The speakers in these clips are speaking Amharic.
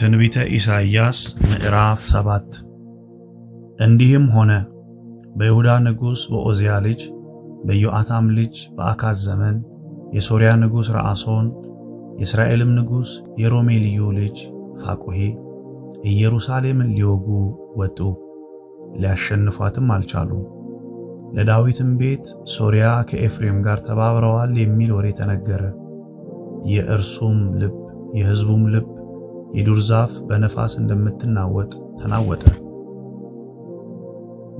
ትንቢተ ኢሳይያስ ምዕራፍ ሰባት እንዲህም ሆነ በይሁዳ ንጉሥ በኦዚያ ልጅ በዮአታም ልጅ በአካዝ ዘመን የሶርያ ንጉሥ ረአሶን፣ የእስራኤልም ንጉሥ የሮሜልዩ ልጅ ፋቁሄ ኢየሩሳሌምን ሊወጉ ወጡ፣ ሊያሸንፏትም አልቻሉ። ለዳዊትም ቤት ሶርያ ከኤፍሬም ጋር ተባብረዋል የሚል ወሬ ተነገረ። የእርሱም ልብ የሕዝቡም ልብ የዱር ዛፍ በነፋስ እንደምትናወጥ ተናወጠ።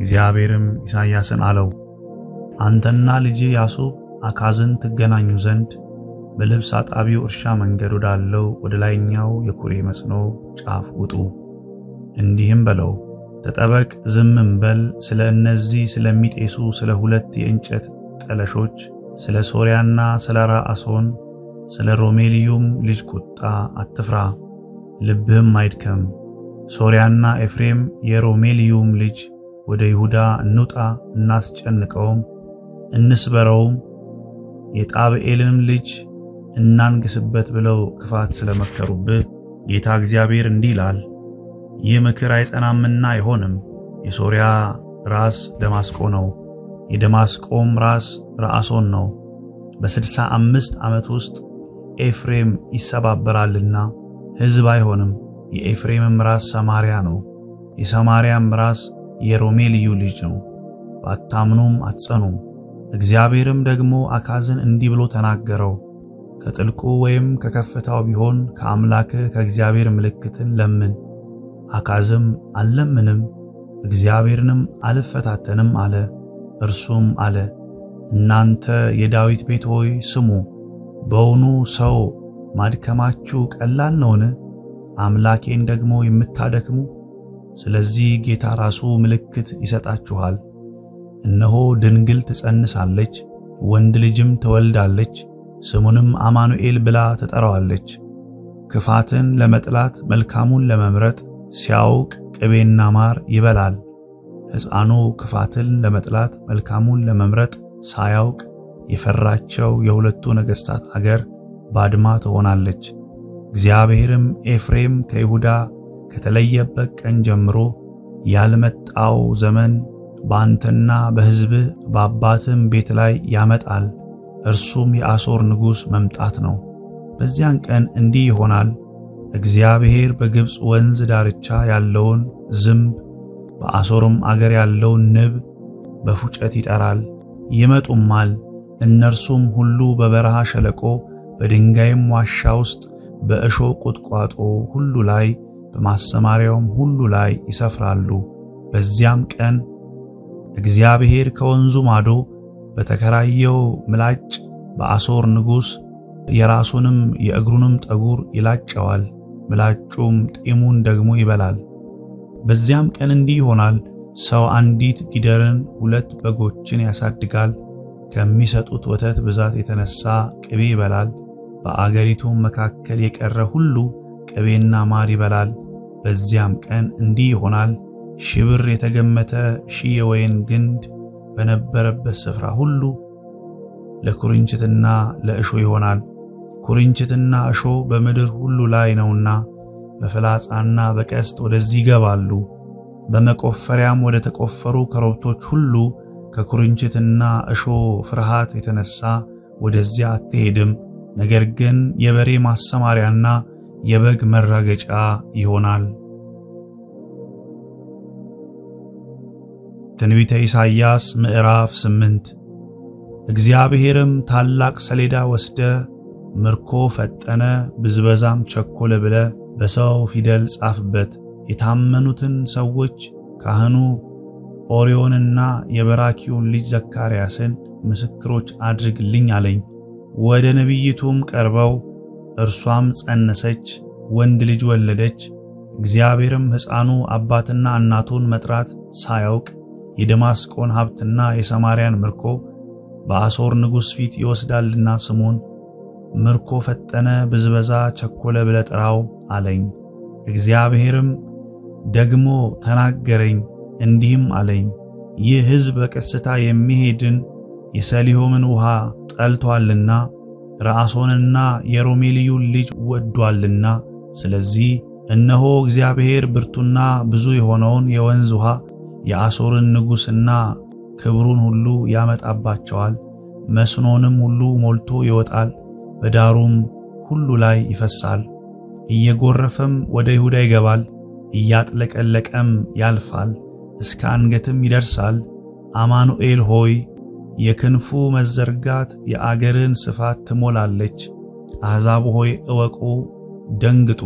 እግዚአብሔርም ኢሳይያስን አለው፣ አንተና ልጅ ያሱ አካዝን ትገናኙ ዘንድ በልብስ አጣቢው እርሻ መንገድ ወዳለው ወደ ላይኛው የኩሬ መስኖ ጫፍ ውጡ። እንዲህም በለው ተጠበቅ፣ ዝምም በል። ስለ እነዚህ ስለሚጤሱ ስለ ሁለት የእንጨት ጠለሾች፣ ስለ ሶርያና ስለ ራአሶን፣ ስለ ሮሜልዩም ልጅ ቁጣ አትፍራ። ልብህም አይድከም። ሶርያና ኤፍሬም የሮሜልዩም ልጅ ወደ ይሁዳ እንውጣ እናስጨንቀውም እንስበረውም የጣብኤልንም ልጅ እናንግስበት ብለው ክፋት ስለመከሩብህ ጌታ እግዚአብሔር እንዲህ ይላል፣ ይህ ምክር አይጸናምና አይሆንም። የሶርያ ራስ ደማስቆ ነው፣ የደማስቆም ራስ ረአሶን ነው። በስድሳ አምስት ዓመት ውስጥ ኤፍሬም ይሰባበራልና ሕዝብ አይሆንም። የኤፍሬምም ራስ ሰማርያ ነው፣ የሰማርያም ራስ የሮሜ ልዩ ልጅ ነው። ባታምኑም አትጸኑም። እግዚአብሔርም ደግሞ አካዝን እንዲህ ብሎ ተናገረው፣ ከጥልቁ ወይም ከከፍታው ቢሆን ከአምላክህ ከእግዚአብሔር ምልክትን ለምን። አካዝም አልለምንም፣ እግዚአብሔርንም አልፈታተንም አለ። እርሱም አለ እናንተ የዳዊት ቤት ሆይ ስሙ፣ በውኑ ሰው ማድከማችሁ ቀላል ነውን? አምላኬን ደግሞ የምታደክሙ? ስለዚህ ጌታ ራሱ ምልክት ይሰጣችኋል። እነሆ ድንግል ትጸንሳለች፣ ወንድ ልጅም ትወልዳለች፣ ስሙንም አማኑኤል ብላ ትጠራዋለች። ክፋትን ለመጥላት መልካሙን ለመምረጥ ሲያውቅ ቅቤና ማር ይበላል። ሕፃኑ ክፋትን ለመጥላት መልካሙን ለመምረጥ ሳያውቅ የፈራቸው የሁለቱ ነገሥታት አገር ባድማ ትሆናለች። እግዚአብሔርም ኤፍሬም ከይሁዳ ከተለየበት ቀን ጀምሮ ያልመጣው ዘመን በአንተና በሕዝብህ በአባትም ቤት ላይ ያመጣል። እርሱም የአሦር ንጉሥ መምጣት ነው። በዚያን ቀን እንዲህ ይሆናል። እግዚአብሔር በግብፅ ወንዝ ዳርቻ ያለውን ዝምብ በአሦርም አገር ያለውን ንብ በፉጨት ይጠራል። ይመጡማል። እነርሱም ሁሉ በበረሃ ሸለቆ በድንጋይም ዋሻ ውስጥ በእሾህ ቁጥቋጦ ሁሉ ላይ በማሰማሪያውም ሁሉ ላይ ይሰፍራሉ። በዚያም ቀን እግዚአብሔር ከወንዙ ማዶ በተከራየው ምላጭ በአሶር ንጉሥ የራሱንም የእግሩንም ጠጉር ይላጨዋል፣ ምላጩም ጢሙን ደግሞ ይበላል። በዚያም ቀን እንዲህ ይሆናል፣ ሰው አንዲት ጊደርን ሁለት በጎችን ያሳድጋል፣ ከሚሰጡት ወተት ብዛት የተነሳ ቅቤ ይበላል። በአገሪቱም መካከል የቀረ ሁሉ ቅቤና ማር ይበላል። በዚያም ቀን እንዲህ ይሆናል፣ ሽብር የተገመተ ሺህ የወይን ግንድ በነበረበት ስፍራ ሁሉ ለኩርንችትና ለእሾ ይሆናል። ኩርንችትና እሾ በምድር ሁሉ ላይ ነውና በፍላጻና በቀስት ወደዚህ ይገባሉ። በመቆፈሪያም ወደ ተቆፈሩ ከረብቶች ሁሉ ከኩርንችትና እሾ ፍርሃት የተነሳ ወደዚያ አትሄድም። ነገር ግን የበሬ ማሰማሪያና የበግ መራገጫ ይሆናል። ትንቢተ ኢሳይያስ ምዕራፍ 8 እግዚአብሔርም ታላቅ ሰሌዳ ወስደ ምርኮ ፈጠነ ብዝበዛም ቸኮለ ብለ በሰው ፊደል ጻፍበት። የታመኑትን ሰዎች ካህኑ ኦሪዮንና የበራኪውን ልጅ ዘካርያስን ምስክሮች አድርግልኝ አለኝ። ወደ ነቢይቱም ቀርበው እርሷም ጸነሰች፣ ወንድ ልጅ ወለደች። እግዚአብሔርም ሕፃኑ አባትና እናቱን መጥራት ሳያውቅ የደማስቆን ሀብትና የሰማርያን ምርኮ በአሦር ንጉሥ ፊት ይወስዳልና ስሙን ምርኮ ፈጠነ፣ ብዝበዛ ቸኮለ ብለ ጥራው አለኝ። እግዚአብሔርም ደግሞ ተናገረኝ እንዲህም አለኝ፣ ይህ ሕዝብ በቀስታ የሚሄድን የሰሊሆምን ውሃ ጠልቶአልና ረአሶንና የሮሜልዩን ልጅ ወዷልና ስለዚህ እነሆ እግዚአብሔር ብርቱና ብዙ የሆነውን የወንዝ ውሃ የአሶርን ንጉሥና ክብሩን ሁሉ ያመጣባቸዋል። መስኖንም ሁሉ ሞልቶ ይወጣል፣ በዳሩም ሁሉ ላይ ይፈሳል። እየጎረፈም ወደ ይሁዳ ይገባል፣ እያጥለቀለቀም ያልፋል፣ እስከ አንገትም ይደርሳል። አማኑኤል ሆይ የክንፉ መዘርጋት የአገርን ስፋት ትሞላለች። አሕዛብ ሆይ እወቁ፣ ደንግጡ።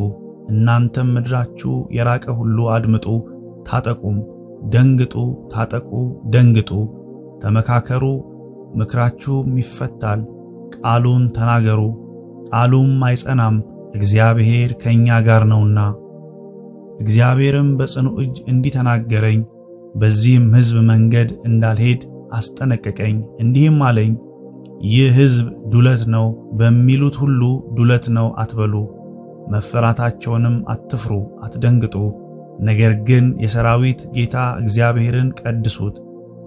እናንተም ምድራችሁ የራቀ ሁሉ አድምጡ፣ ታጠቁም። ደንግጡ፣ ታጠቁ፣ ደንግጡ። ተመካከሩ፣ ምክራችሁም ይፈታል። ቃሉን ተናገሩ፣ ቃሉም አይጸናም፣ እግዚአብሔር ከእኛ ጋር ነውና። እግዚአብሔርም በጽኑ እጅ እንዲህ ተናገረኝ፣ በዚህም ሕዝብ መንገድ እንዳልሄድ አስጠነቀቀኝ፣ እንዲህም አለኝ ይህ ሕዝብ ዱለት ነው፣ በሚሉት ሁሉ ዱለት ነው አትበሉ፣ መፈራታቸውንም አትፍሩ፣ አትደንግጡ። ነገር ግን የሰራዊት ጌታ እግዚአብሔርን ቀድሱት፣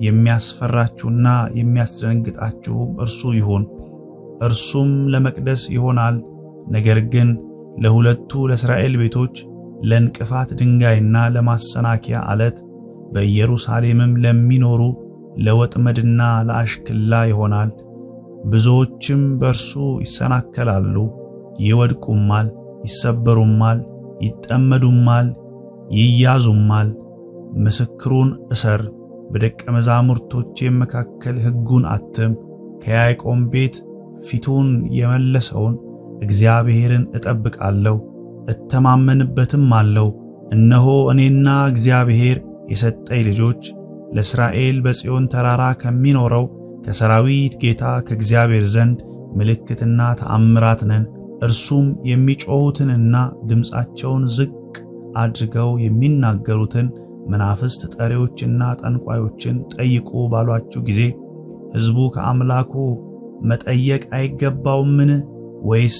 የሚያስፈራችሁና የሚያስደነግጣችሁም እርሱ ይሁን። እርሱም ለመቅደስ ይሆናል፣ ነገር ግን ለሁለቱ ለእስራኤል ቤቶች ለእንቅፋት ድንጋይና ለማሰናከያ አለት በኢየሩሳሌምም ለሚኖሩ ለወጥመድና ለአሽክላ ይሆናል። ብዙዎችም በእርሱ ይሰናከላሉ፣ ይወድቁማል፣ ይሰበሩማል፣ ይጠመዱማል፣ ይያዙማል። ምስክሩን እሰር፣ በደቀ መዛሙርቶቼም መካከል ሕጉን አትም። ከያዕቆብ ቤት ፊቱን የመለሰውን እግዚአብሔርን እጠብቃለሁ፣ እተማመንበትም አለው። እነሆ እኔና እግዚአብሔር የሰጠኝ ልጆች ለእስራኤል በጽዮን ተራራ ከሚኖረው ከሰራዊት ጌታ ከእግዚአብሔር ዘንድ ምልክትና ተአምራት ነን። እርሱም የሚጮሁትንና ድምፃቸውን ዝቅ አድርገው የሚናገሩትን መናፍስት ጠሪዎችና ጠንቋዮችን ጠይቁ ባሏችሁ ጊዜ ሕዝቡ ከአምላኩ መጠየቅ አይገባውምን? ወይስ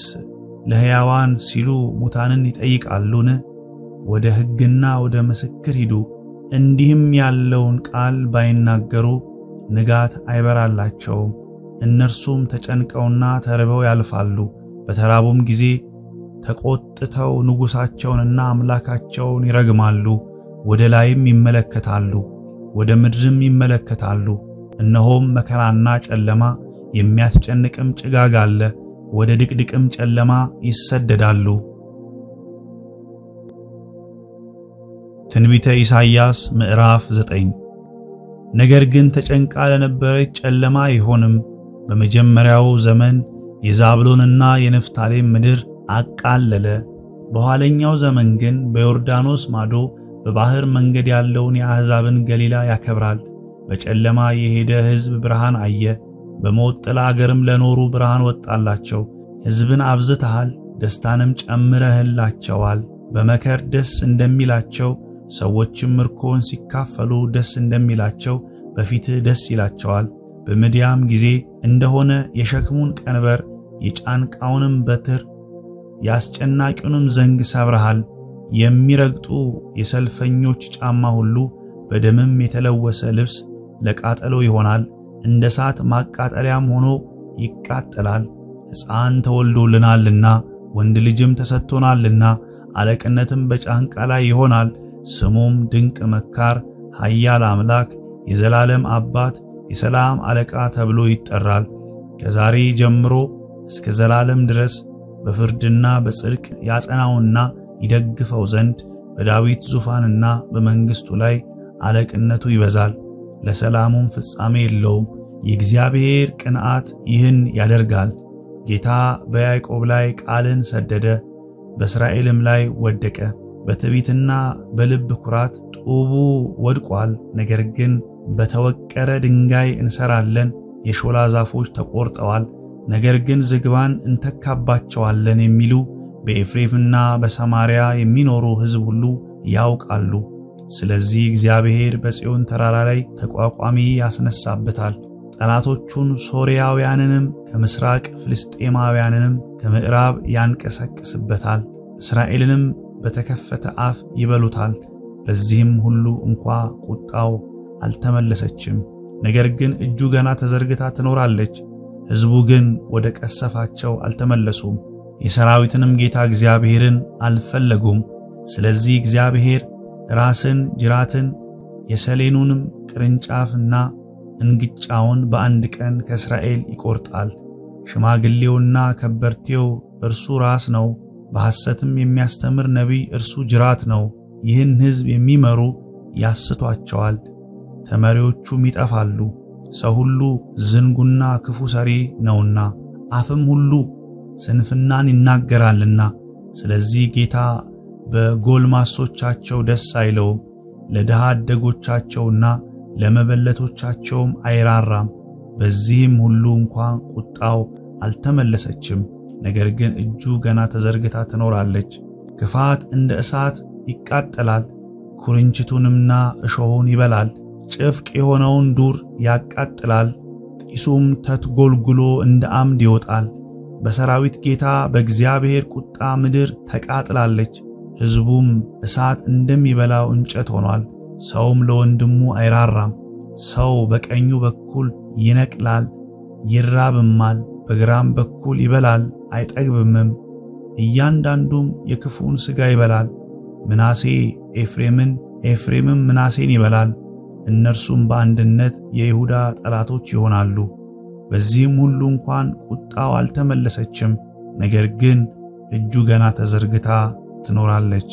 ለሕያዋን ሲሉ ሙታንን ይጠይቃሉን? ወደ ሕግና ወደ ምስክር ሂዱ። እንዲህም ያለውን ቃል ባይናገሩ ንጋት አይበራላቸውም። እነርሱም ተጨንቀውና ተርበው ያልፋሉ። በተራቡም ጊዜ ተቆጥተው ንጉሳቸውንና አምላካቸውን ይረግማሉ። ወደ ላይም ይመለከታሉ፣ ወደ ምድርም ይመለከታሉ። እነሆም መከራና ጨለማ የሚያስጨንቅም ጭጋግ አለ። ወደ ድቅድቅም ጨለማ ይሰደዳሉ። ትንቢተ ኢሳይያስ ምዕራፍ 9 ነገር ግን ተጨንቃ ለነበረች ጨለማ አይሆንም። በመጀመሪያው ዘመን የዛብሎንና የንፍታሌም ምድር አቃለለ። በኋለኛው ዘመን ግን በዮርዳኖስ ማዶ በባህር መንገድ ያለውን የአሕዛብን ገሊላ ያከብራል። በጨለማ የሄደ ሕዝብ ብርሃን አየ። በሞት ጥላ አገርም ለኖሩ ብርሃን ወጣላቸው። ሕዝብን አብዝተሃል፣ ደስታንም ጨምረህላቸዋል። በመከር ደስ እንደሚላቸው ሰዎችም ምርኮውን ሲካፈሉ ደስ እንደሚላቸው በፊትህ ደስ ይላቸዋል። በምድያም ጊዜ እንደሆነ የሸክሙን ቀንበር የጫንቃውንም በትር የአስጨናቂውንም ዘንግ ሰብረሃል። የሚረግጡ የሰልፈኞች ጫማ ሁሉ በደምም የተለወሰ ልብስ ለቃጠሎ ይሆናል፣ እንደ እሳት ማቃጠሊያም ሆኖ ይቃጠላል። ሕፃን ተወልዶልናልና ወንድ ልጅም ተሰጥቶናልና፣ አለቅነትም በጫንቃ ላይ ይሆናል። ስሙም ድንቅ መካር፣ ኃያል አምላክ፣ የዘላለም አባት፣ የሰላም አለቃ ተብሎ ይጠራል። ከዛሬ ጀምሮ እስከ ዘላለም ድረስ በፍርድና በጽድቅ ያጸናውና ይደግፈው ዘንድ በዳዊት ዙፋንና በመንግሥቱ ላይ አለቅነቱ ይበዛል፣ ለሰላሙም ፍጻሜ የለውም። የእግዚአብሔር ቅንዓት ይህን ያደርጋል። ጌታ በያዕቆብ ላይ ቃልን ሰደደ፣ በእስራኤልም ላይ ወደቀ። በትዕቢትና በልብ ኩራት ጡቡ ወድቋል። ነገር ግን በተወቀረ ድንጋይ እንሰራለን፣ የሾላ ዛፎች ተቆርጠዋል፣ ነገር ግን ዝግባን እንተካባቸዋለን የሚሉ በኤፍሬምና በሰማርያ የሚኖሩ ሕዝብ ሁሉ ያውቃሉ። ስለዚህ እግዚአብሔር በጽዮን ተራራ ላይ ተቋቋሚ ያስነሳበታል። ጠላቶቹን ሶርያውያንንም ከምስራቅ ፍልስጤማውያንንም ከምዕራብ ያንቀሳቅስበታል። እስራኤልንም በተከፈተ አፍ ይበሉታል። በዚህም ሁሉ እንኳ ቁጣው አልተመለሰችም፣ ነገር ግን እጁ ገና ተዘርግታ ትኖራለች። ሕዝቡ ግን ወደ ቀሰፋቸው አልተመለሱም፣ የሰራዊትንም ጌታ እግዚአብሔርን አልፈለጉም። ስለዚህ እግዚአብሔር ራስን፣ ጅራትን፣ የሰሌኑንም ቅርንጫፍና እንግጫውን በአንድ ቀን ከእስራኤል ይቆርጣል። ሽማግሌውና ከበርቴው እርሱ ራስ ነው። በሐሰትም የሚያስተምር ነቢይ እርሱ ጅራት ነው። ይህን ሕዝብ የሚመሩ ያስቷቸዋል፣ ተመሪዎቹም ይጠፋሉ። ሰው ሁሉ ዝንጉና ክፉ ሰሪ ነውና አፍም ሁሉ ስንፍናን ይናገራልና። ስለዚህ ጌታ በጎልማሶቻቸው ደስ አይለውም፣ ለድሃ አደጎቻቸውና ለመበለቶቻቸውም አይራራም። በዚህም ሁሉ እንኳን ቁጣው አልተመለሰችም። ነገር ግን እጁ ገና ተዘርግታ ትኖራለች። ክፋት እንደ እሳት ይቃጠላል፣ ኩርንችቱንምና እሾሁን ይበላል። ጭፍቅ የሆነውን ዱር ያቃጥላል፣ ጢሱም ተትጎልጉሎ እንደ አምድ ይወጣል። በሰራዊት ጌታ በእግዚአብሔር ቁጣ ምድር ተቃጥላለች፣ ሕዝቡም እሳት እንደሚበላው እንጨት ሆኗል። ሰውም ለወንድሙ አይራራም። ሰው በቀኙ በኩል ይነቅላል፣ ይራብማል። በግራም በኩል ይበላል አይጠግብምም፣ እያንዳንዱም የክፉውን ሥጋ ይበላል። ምናሴ ኤፍሬምን፣ ኤፍሬምም ምናሴን ይበላል። እነርሱም በአንድነት የይሁዳ ጠላቶች ይሆናሉ። በዚህም ሁሉ እንኳን ቁጣው አልተመለሰችም፣ ነገር ግን እጁ ገና ተዘርግታ ትኖራለች።